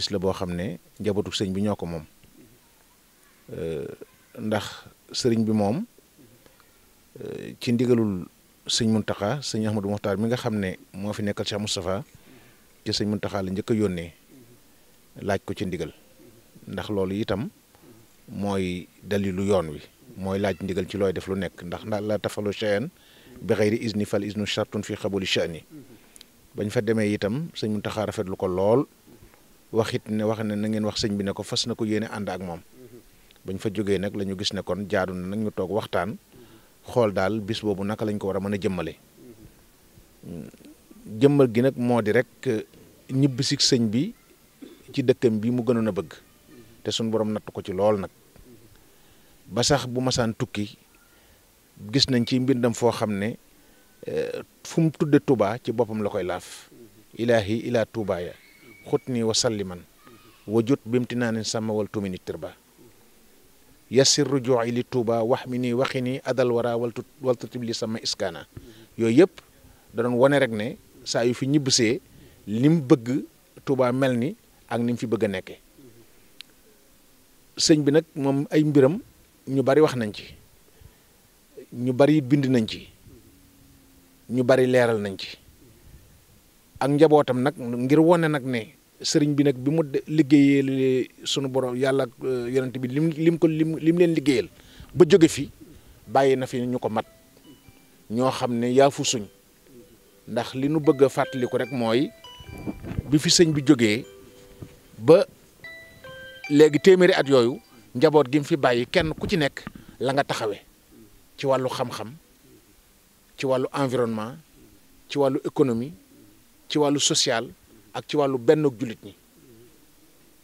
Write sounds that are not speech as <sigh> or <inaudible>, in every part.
bis la boo xam ne njabatu sëñ bi ñoo ko moom euh, ndax sëriñ bi moom euh, ci ndigalul sëñ Muntaxa sëñ Ahmadou Mokhtar mi nga xam ne moo fi nekkal Cheikh Moustapha ci sëñ Muntaxa la njëkk a yónnee laaj ko ci ndigal ndax loolu itam mooy dalilu yoon wi mooy laaj ndigal ci looy def lu nekk ndax ndax la tafalu cheyan bi xëyri isni fal isnu shartun fi xabuli sha'ni bañ fa demee itam sëñ Muntaxa rafetlu ko lool waxit ne wax ne na ngeen wax señ bi ne ko fas na ko yene and ak mom bañ fa jógee nak lañu gis ne kon jaadu na nak ñu tok waxtaan xol dal bis bobu nak, lañ ko wara mëna jëmmalé jëmmal gi nak moo di rek señ bi ci dëkkam bi mu gënon na bëgg té suñ borom nat ko ci lool nak ba sax bu san tukki gis nañ ci mbindam fo xamné ne eh, fu mu tudde Touba ci bopam la koy laaf ilahi ila Touba ya khutni wa salliman wujud bimtinanin sama wal tumini tirba yassir ruju'i li tuba wahmini Wahini adal wara wal wal tibli sama iskana yoy yep da don woné rek né sa yu fi ñibsé lim bëgg tuba melni ak nim fi bëgg nekké señ bi nak mom ay mbiram ñu bari wax nañ ci ñu bari bind nañ ci ñu bari léral nañ ci ak njabotam nak ngir woné nak né sëriñ bi nag bi mu liggéeyee sunu borom yàlla ak euh, bi lim lim ko lim lim leen liggéeyal ba jóge fi bàyyi na fi ñu ko mat ñoo xam ne yaafu suñ ndax li nu bëgg a fàttaliku rek mooy bi fi sëñ bi jógee ba léegi téeméeri at yooyu njaboot gi mu fi bàyyi kenn ku ci nekk la nga taxawee ci wàllu xam-xam ci wàllu environnement ci wàllu économie ci wàllu social ak ci wàllu benn jullit ñi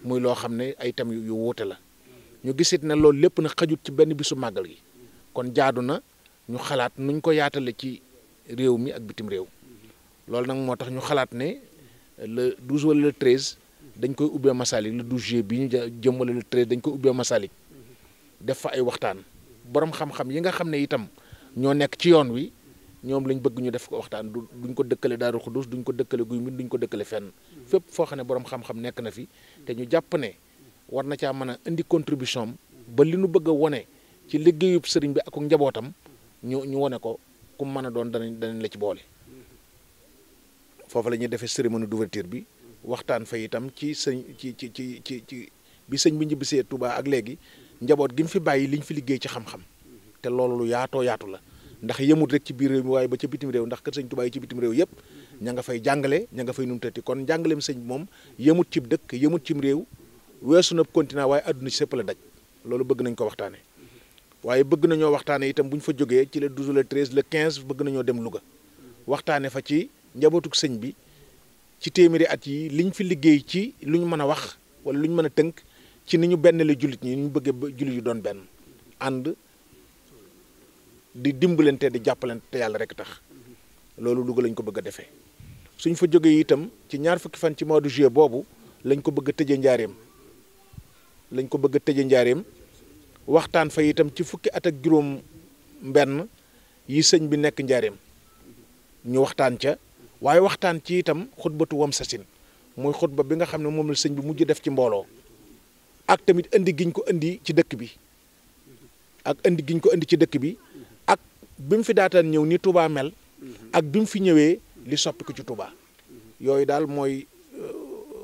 muy loo xam ne ay thèmes yu wuute la ñu gisit ne loolu lépp na xajut ci benn bisu màggal yi kon jaadu na ñu xalaat nuñ ko yaatale ci réew mi ak bitim réew loolu nag moo tax ñu xalaat ne le 12 wala le traise dañ koy ubbee Masalik le 12 juillet bi ñu jëm wala le 13 dañ koy ubbee Masalik def fa ay waxtaan borom xam-xam yi nga xam ne itam ñoo nekk ci yoon wi ñoom lañ bëgg ñu def ko waxtaan du duñ ko dëkkale Daaru Xudus duñ ko dëkkale guy min duñ ko dëkkale fenn hmm. fépp foo xam ne borom xam-xam nekk na fi te ñu jàpp ne war na caa mën a indi contribution ba li nu bëgg a wone ci liggéeyub sëriñ bi ak njabootam ñu ñu wone ko ku mën a doon danañ danañ la ci boole. foofu la ñuy defee cérémonie d'ouverture bi waxtaan fa itam ci sëñ ci ci ci ci ci bi sëñ bi ñibbisee Touba ak léegi njaboot gi mu fi bàyyi liñ fi liggéey ci xam-xam hmm. te loolu yaatoo yaatu la. ndax yemut rek ci biir réew mi waaye ba ca bitim réew ndax kër sëñ Tuubaa yi ci bitim réew yëpp ña nga fay jàngale ña nga fay numutati kon njàngaleem sëñ moom yëmut cib dëkk yëmut cim réew weesu na continent waaye àdduna sëpp la daj loolu bëgg nañ ko waxtaane waaye bëgg nañoo waxtaane itam bu ñu fa jógee ci le 12 le 13 le 15 bëgg nañoo dem Louga waxtaane fa ci njabootuk sëñ bi ci téeméeri at yi liñ fi liggéey ci lu ñu mën a wax wala lu mën a tënk ci ni ñu benn la jullit ñi ñu bëggee jullit yu doon benn ànd di dimbalante di jàppalante te yàlla rek tax loolu Louga lañ ko bëgg a defee suñ fa jógee itam ci ñaar fukki fan ci mois de juillet boobu lañ ko bëgg a tëjee njaareem lañ ko bëgg a tëjee njaareem waxtaan fa itam ci fukki at ak juróom mbenn yi sëñ bi nekk njaareem ñu waxtaan ca waaye waxtaan ci itam wam sasin mooy xutba bi nga xam ne moom la sëñ bi mujj def ci mbooloo ak tamit indi giñ ko indi ci dëkk bi ak indi giñ ko indi ci dëkk bi bi mu fi daataan ñëw ni Touba mel ak bi mu fi ñëwee li ko ci Touba yooyu daal mooy euh,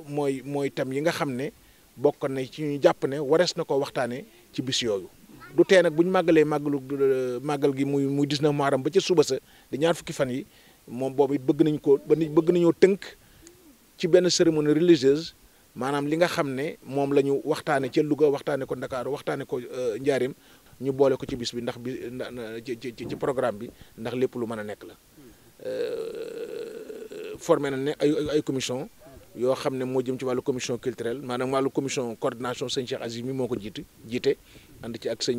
mooy mooy tam yi nga xam ne bokk na ci ñu jàpp ne warees na ko waxtaanee ci bis yooyu du tee nag bu ñu màggalee màggalu euh, màggal gi muy muy 19 Muharram ba ca suba sa di fukki fan yi moom boobu it bëgg nañ ko ba nit bëgg nañoo tënk ci benn cérémonie religieuse maanaam li nga xam ne moom la ñu waxtaanee ca Louga waxtaanee ko Ndakaaru waxtaanee ko euh, Njaareem ñu boole ko ci bis bi ndax bi ci ci programme bi ndax lépp lu mën a nekk la euh, formé na ne ay ay commission yoo xam ne moo jëm ci wàllu commission culturelle maanaam wàllu commission coordination sëñ Cheikh Aziz mi moo ko jiite jiite ànd ci ak sëñ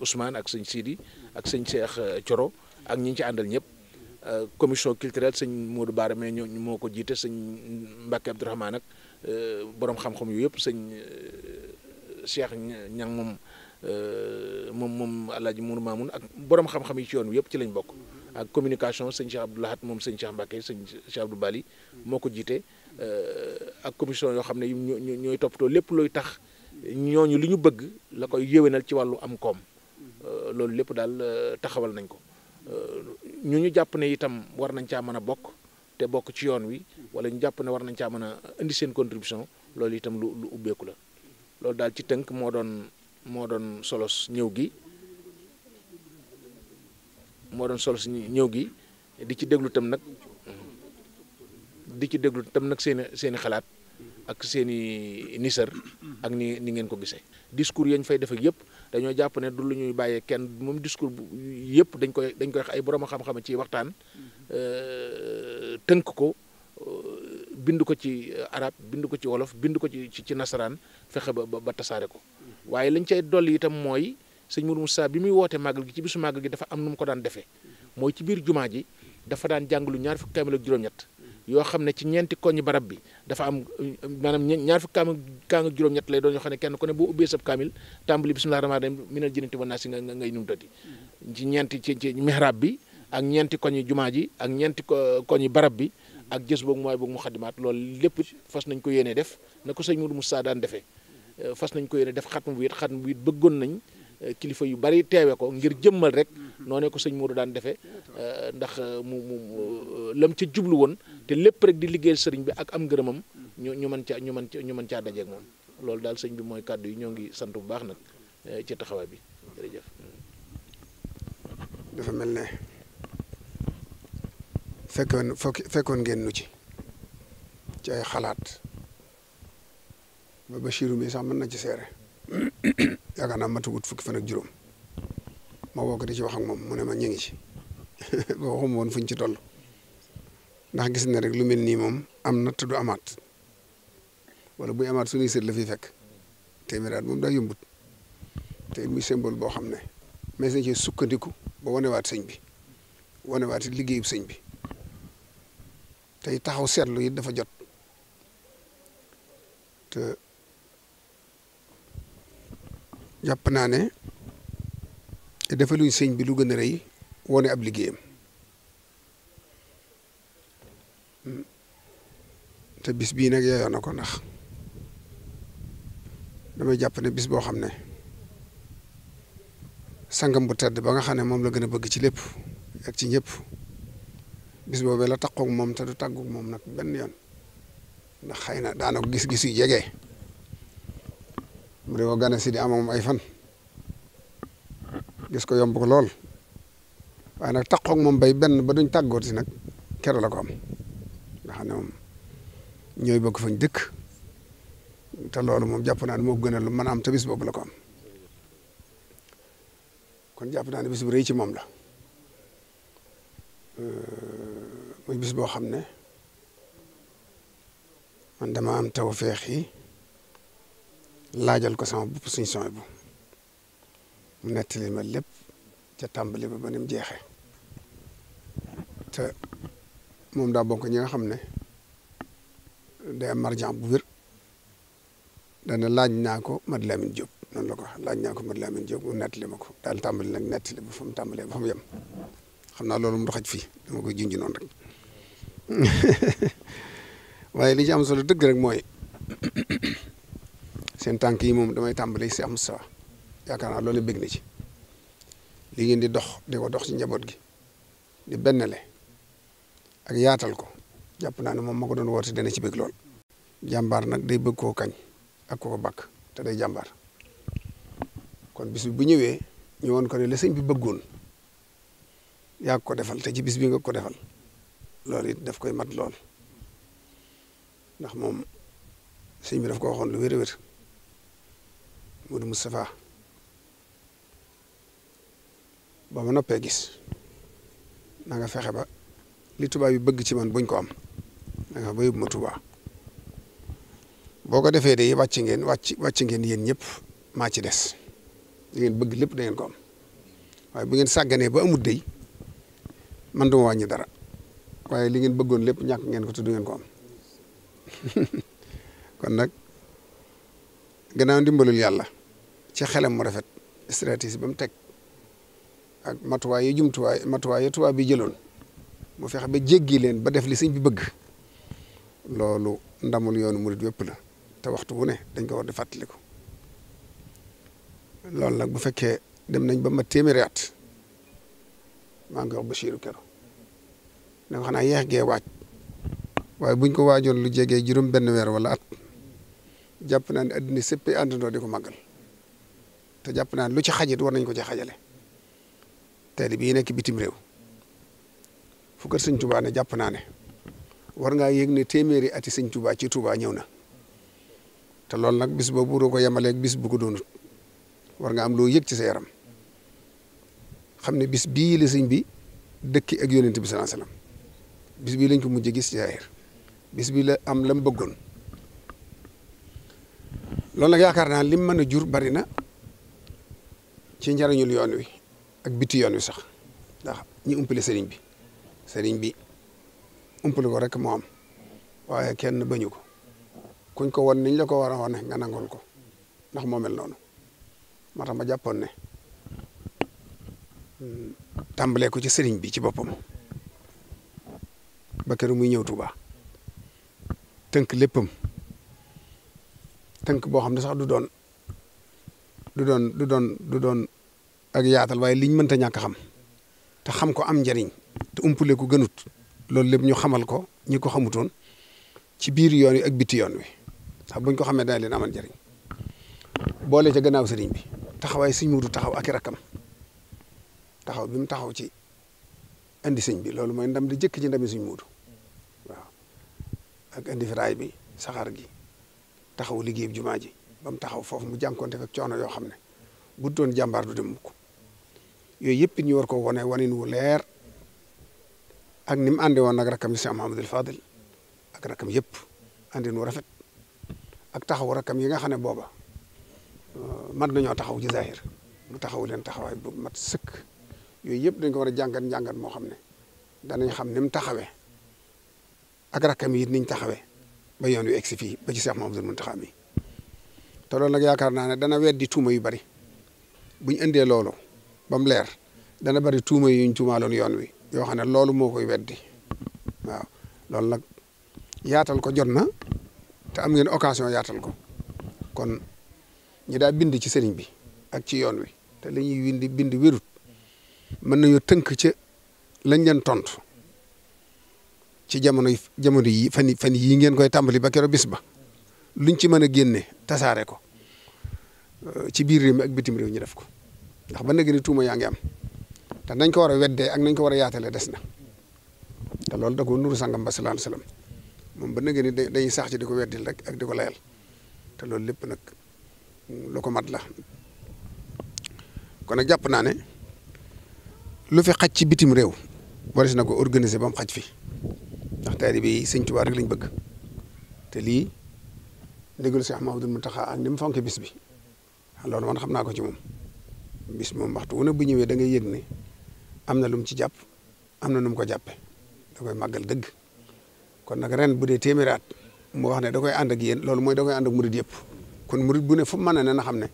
Ousmane ak sëñ Sidi ak sëñ Cheikh coro euh, ak ñi ñu ci àndal ñëpp euh, commission culturelle sëñ Modou Bara mais ñu moo ko jiite sëñ Mbacke Abdourahmane ak borom xam-xam yooyu yëpp sëñ Cheikh ñang moom Euh, moom moom Alaaji Mourou Mamoun ak boroom xam-xam yi ci yoon wi yëpp ci lañ bokk ak communication sëñ Cheikh Abdou Lahat moom sëñ Cheikh Mbacké sëñ Cheikh Abdou Bali moo ko jiite euh, ak commission yoo xam ne ñooy toppatoo lépp looy tax ñooñu li ñu bëgg la koy yéwénal ci wàllu am koom euh, loolu lépp daal taxawal nañ ko ñu ñu jàpp ne itam war nañ caa mën a bokk te bokk ci yoon wi wala ñu jàpp ne war nañ caa mën a indi seen contribution loolu itam lu lu ubbeeku la loolu daal ci tënk moo doon modon solos ñew gi modon solos ñew gi di ci déglu tam nak di ci déglu tam nak seen seen xalaat ak seen nisar ak ni ni ngeen ko gisee discours yañ fay def ak yépp dañoo japp ne du luñuy bayé bàyyee kenn moom discours yépp dañ koy dañ koy wax ay borom xam-xam ci waxtaan teunk ko euh, bindu ko ci arab bindu ko ci wolof bindu ko ci ci nasaran fexé ba ba tassaré ko waaye lañ cay dolli itam mooy sëñ Mourou Moussa bi muy woote màggal gi ci bisu màggal gi dafa am nu mu ko daan defee mooy ci biir jumaa ji dafa daan jàng lu ñaar fukk kaamil ak juróom-ñett yoo xam ne ci ñeenti koñi barab bi dafa am maanaam ñaar fukki kaamil kaamil ak juróom-ñett doon yoo xam ne kenn ku ne boo ubbee sab kaamil tàmbali bismillah rahmaan rahim minal jinnati wan naasi nga ngay numtati ci ñeenti ci ci mihrab bi ak ñeenti koñi jumaa ji ak ñeenti ko koñi barab bi ak jës boog mooy boog mu xadimaat loolu lépp fas nañ ko yéene def na ko sëñ Mourou Moussa daan defee Euh, fas nañ ko yéene def xatmu bu it xatmu bu it bëggoon nañ euh, kilifa yu bari teewe ko ngir jëmmal rek noonee ko sëñ Modou daan defee euh, ndax mu mu lam ca jublu te lépp rek di liggéeyal sëriñ bi ak am ngërëmam ñu ñu mën caa ñu mën ñu mën caa dajeeg moom loolu daal sëñ bi mooy kàddu yi ñoo ngi sant bu baax nag ci taxawaay bi dafa mel ne fekkoon fekkoon ngeen nu ci ci ay xalaat. ba Bachirou mi sax man na ci seere <coughs> yaakaar naa gut fukki fan ak juróom ma woo di ci wax ak mom mune ma ñingi ci <laughs> ba waxuma won fuñ ci toll ndax gis na rek lu mel nii moom am na te du wala bu amat suñu sët la fi fekk témirat mom da yombut té muy symbole bo xamné mais ci sukkandiku ba wat señ bi wat liggéeyub señ bi tay taxaw seetlu it dafa jot jàpp naa ne defalu sëñ bi lu gën a rëy wone ab liggéeyam te bis bii nag yeyoo na ko ndax damay jàpp ne bis boo xam ne sangam bu tedd ba nga xam ne moom la gën a bëgg ci lépp ak ci ñëpp bis boobee la taqoog moom te du tàggoog moom nag benn yoon ndax xëy na daana ko gis-gis yu jege. mu di ko gane si di am moom ay fan gis ko yomb lool waaye nag taqoog moom bay benn ba duñ tàggoot si nag kero la ko am nga xam ñooy bokk fañ dëkk te loolu moom jàpp naa ne moo gën lu mën a am te bis boobu la ko kon jàpp naa ne bis bu rëy ci moom la muy bis boo xam ne man dama am tawfeex yi laajal ko sama bopp suñ son bu mu nettali ma lépp ca tàmbali ba ba jeexe mu te moom daa bokk ñi nga xam ne day am marjan bu wér dana laaj naa ko Mad Lamin Diop noonu la ko wax laaj naa ko Mad Lamin Diop mu nettali ma ko daal tàmbali nag nettali ba fa mu tàmbalee ba yem xam naa loolu mu doxaj fii dama koy junj noonu rek <laughs> waaye li ci am solo dëgg rek mooy seen tànk yi moom damay tàmbali si am sa yaakaar naa loolu bëgg na ci li ngeen di dox di ko dox ci njaboot gi di bennale ak yaatal ko jàpp naa ne moom ma ko doon woote dana ci bëgg lool. jàmbaar nag day bëgg koo kañ ak koo bakk te day jàmbaar kon bis bi bu ñëwee ñu woon ko ne la sëñ bi bëggoon yaa ko defal te ci bis bi nga ko defal loolu it daf koy mat lool ndax moom sëñ bi daf ko waxoon lu wér-wér. Modou mustafa ba ma noppee gis na nga fexe ba li tubaab yi bëgg ci man buñ ko am na nga ba yóbbu ma Touba boo ko defee de wàcc ngeen wàcc wàcc ngeen yéen ñëpp maa ci des li ngeen bëgg lépp da ngeen ko am waaye bu ngeen sàgganee ba amut dey man duma wàññi dara waaye li ngeen bëggoon lépp ñàkk ngeen ko tudd ngeen ko <laughs> kon nag gannaaw ndimbalul yàlla ci xelam mu rafet stratégie ba mu teg ak matuwaay yu jumtuwaay matuwaay yu tubaab bi jëloon mu fexe ba jéggi leen ba def li sëñ bi bëgg loolu ndamul yoonu murit wépp la te waxtu wu ne dañ ko war di ko loolu nag bu fekkee dem nañ ba ma téeméeri at maa ngi wax Bachirou Kero ne ko xanaa yeex gee waaj waaye buñ ko waajoon lu jegee juróom benn weer wala at jàpp naa ne addina sëppee àndandoo di ko màggal te jàpp naa lu ci xajit war nañ ko ci xajale taalibe yi nekk bitim réew fu kër sëñ Touba ne jàpp naa ne war ngaa yëg ne téeméeri ati sëñ ci Touba ñëw na te loolu nag bis ba buuroo ko yemaleeg bis bu ko doonut war nga am loo yëg ci sa yaram xam ne bis bii la sëñ bi dëkki ak yonent bi sallallahu alayhi wasallam bis bii lañ ko mujj gis ci zaahir bi la am lam bëggoon loolu nag yaakaar naa lim mën a jur bari na ci njariñul yoon wi ak biti yoon wi sax ndax ñi umpale sëriñ bi sëriñ bi umpale ko rek moo am waaye kenn bañu ko kuñ ko won niñ la ko war a wane nga nangul ko ndax moo mel noonu moo tax ma jàppoon ne hmm, tàmbalee ko ci sëriñ bi ci boppam ba keroog muy ñëw Tuuba tënk léppam boo xam ne sax du doon du doon du doon du doon ak yaatal waaye liñ mënta ñàkk xam te xam ko am njariñ te umpule ko gënut loolu lépp ñu xamal ko ñi ko xamutoon ci biir yoon wi ak biti yoon wi ndax buñ ko xamee dana leen amal njëriñ boole ca gannaaw sëriñ bi taxawaay sëñ Muudu taxaw ak i rakkam taxaw bi mu taxaw ci indi sëñ bi loolu mooy ndam di jëkk ci ndami sëñ Muudu waaw ak firaay bi saxaar gi taxaw liggéey jumaa ji ba mu taxaw foofu mu jànkonte ak coono yoo xam ne bu doon jàmbaar du dem mu yooyu yëpp ñu war ko wane wanin wu leer ak ni mu ànde woon ak rakam yi Cheikh Mouhamadul Fadil ak rakam yëpp àndin wu rafet ak taxaw rakam yi nga xam ne booba euh, mat nañoo taxaw ci zahir mu taxaw leen taxawaay bu mat sëkk yooyu yëpp dañ ko war a jàngat njàngat moo xam ne danañ xam ni mu taxawee ak rakam yi niñ taxawee ba yoon wi egg si fii ba ci Cheikh Mouhamadul taxa mi te loolu nag yaakaar naa ne dana weddi tuuma yu bari bu ñu indee loolu ba mu leer dana bari tuuma yu ñu tuumaaloon yoon wi yoo xam ne loolu moo koy weddi waaw loolu nag yaatal ko jot na te am ngeen occasion yaatal ko kon ñi daa bind ci sëriñ bi ak ci yoon wi te li windi bind wérut mën nañoo tënk ca lañ leen tontu ci jamono jamono yi fan fan yii ngeen koy tàmbali ba keroog bis ba. luñ ci mën a génne tasaare ko euh, ci biir réew mi ak bitim réew ñu def ko ndax ba nag ni tuuma yaa ngi am te nañ ko war a weddee ak nañ ko war a yaatalee des na te loolu da ko nuru sangam ba sallallahu alayhi moom ba nag ni dañuy sax di ko weddil rek ak di ko layal te loolu lépp nag lu ko mat la kon nag jàpp naa ne lu fi xaj ci bitim réew waris na ko organiser ba mu xaj fi ndax taalibe yi Sëñ Tuubaa rek lañ bëgg ndigal Cheikh Mahamadul Muntaxa ak ni mu fonke bis bi loolu man xam naa ko ci moom bis moom waxtu wu ne bu ñëwee da ngay yëg ne am na lu mu ci jàpp am na nu mu ko jàppe da koy màggal dëgg kon nag ren bu dee téeméeri at mu wax ne da koy ànd ak yéen loolu mooy da ànd ak yëpp kon murid bu ne fu mu mën ne na xam ne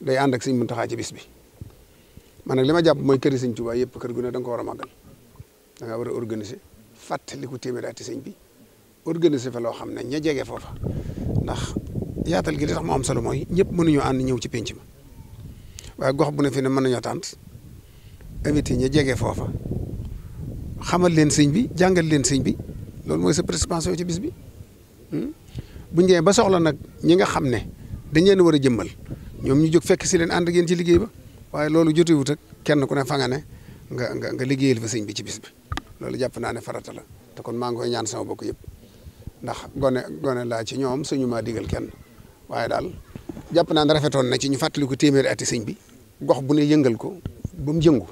day ànd ak Sëñ Muntaxa ci bis bi man nag li ma jàpp mooy këri Sëñ Tuubaa yëpp kër gu ne da nga ko war a màggal da nga war a organiser fàttaliku ati sëñ bi organiser fa loo xam ne ña jege foofa ndax yaatal gi li tax mu am solo mooy ñëpp mënuñoo ànd ñëw ci pénc ma waaye gox bu ne fi ne mën nañoo tànt invité ña jege foofa xamal leen sëñ bi jàngal leen sëñ bi loolu mooy sa participation ci bis bi hmm? bu ñu ba soxla nag ñi nga xam ne dañ leen war a jëmmal ñoom ñu jóg fekk si leen ànd ak ci liggéey ba waaye loolu jotewut ak kenn ku ne fa nga ne nga nga nga liggéeyal fa sëñ bi ci bis bi loolu jàpp naa ne farata la te kon maa ngi koy ñaan sama bokk yëpp. ndax gone gone laa ci ñoom suñu maa digal kenn waaye daal jàpp naa ne rafetoon na ci ñu fàttaliku téeméeri ati sëñ bi gox bu ne yëngal ko ba mu yëngu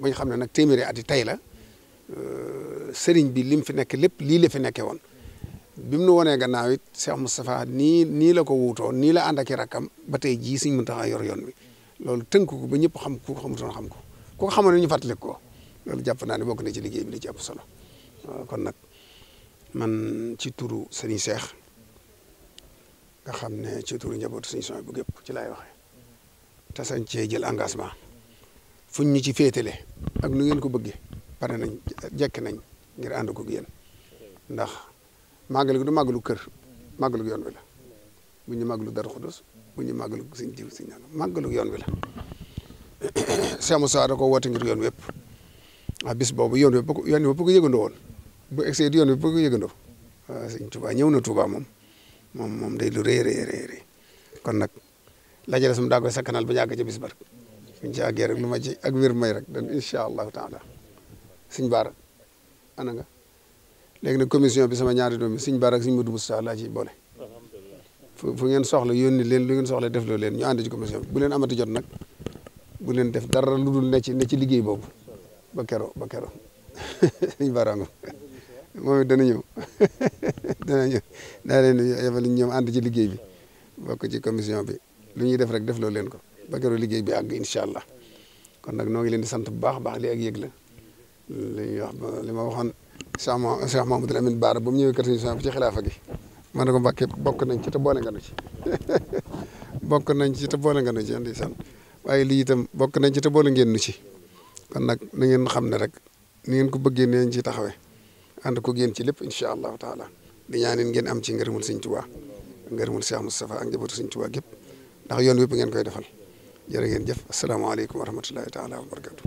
ba ñu xam ne nag téeméeri ati tey la euh, sëriñ bi lim fi nekke lépp lii la fi nekkee woon. bi mu nu wonee gannaaw it Cheikh Moustapha nii nii la ko wuutoo nii la ànd ak i rakkam ba tey jii suñ mën taxa yor yoon wi loolu tënk ko ba ñëpp xam ku ko xamutoon xam ko ku ko xamoon ñu fàttaliku ko loolu jàpp naa ne bokk na ci liggéey bi li ci ëpp solo kon nag. man ci turu sëriñ Seex nga xam ne ci turu njabootu sëriñ Soy bu gépp ci laay waxee te sañ jël engagement fuñ ñu ci féetale ak nu ngeen ko bëggee pare nañ jekk nañ ngir ànd ko yéen ndax màggal gi du màggalu kër màggalu yoon wi la bu ñu màggalu Darou Khoudoss bu ñu màggalu sëriñ Jiw sëriñ màggalu yoon wi la <coughs> Cheikh ko woote ngir yoon wépp ah bis boobu yoon wépp yoon wépp ko yëgandoo woon bu exé di yone bu ko yëgandoo waaw ah, sëñ Touba ñëw na tuba mom mom mom day lu rëy rëy rëy kon nak la jël sama dagu sa kanal bu ñag ci bis bar buñ ci àggee rek luma ci ak wér may rek dan inshallah taala señ bar ana nga légui na commission bi sama ñaari doomi señ bar ak señ Modu Mustafa laa ci boole fu ngeen soxla yoni leen lu ngeen soxla def lo leen ñu ànd ci commission bu leen amatu jot nak bu leen def dara lu ne ci ne ci liggey bobu ba kéro ba kéro <laughs> sëñ baara moom dana ñëw <laughs> dana ñëw daa leen yebal ñoom ànd ci liggéey bi bokk ci commission bi lu ñuy def rek def loolu leen ko ba keroog liggéey bi àgg incha kon nag ngi leen di sant bu baax baax li ak yëg la li ñuy wax li ma Cheikh Cheikh Lamine kër bi ci xilaafa gi man na ko mbàkkee bokk nañ ci te boole nga nu ci <laughs> bokk nañ ci te boole nga nu ci ndeysaan waaye lii itam bok nañ ci te boole ngeen nu ci kon nag na ngeen xam rek ni ngeen ko bëggee ni ngeen ciy ànd ko génn ci lépp incha allahu taala di ñaanin ngeen am ci ngërëmul sëñ Tuubaa ngërëmul Cheikh Moustapha ak njabootu sëñ Tuubaa gépp ndax yoon wépp ngeen koy defal jërë ngeen jëf asalaamaaleykum wa rahmatullahi taala wa barakatu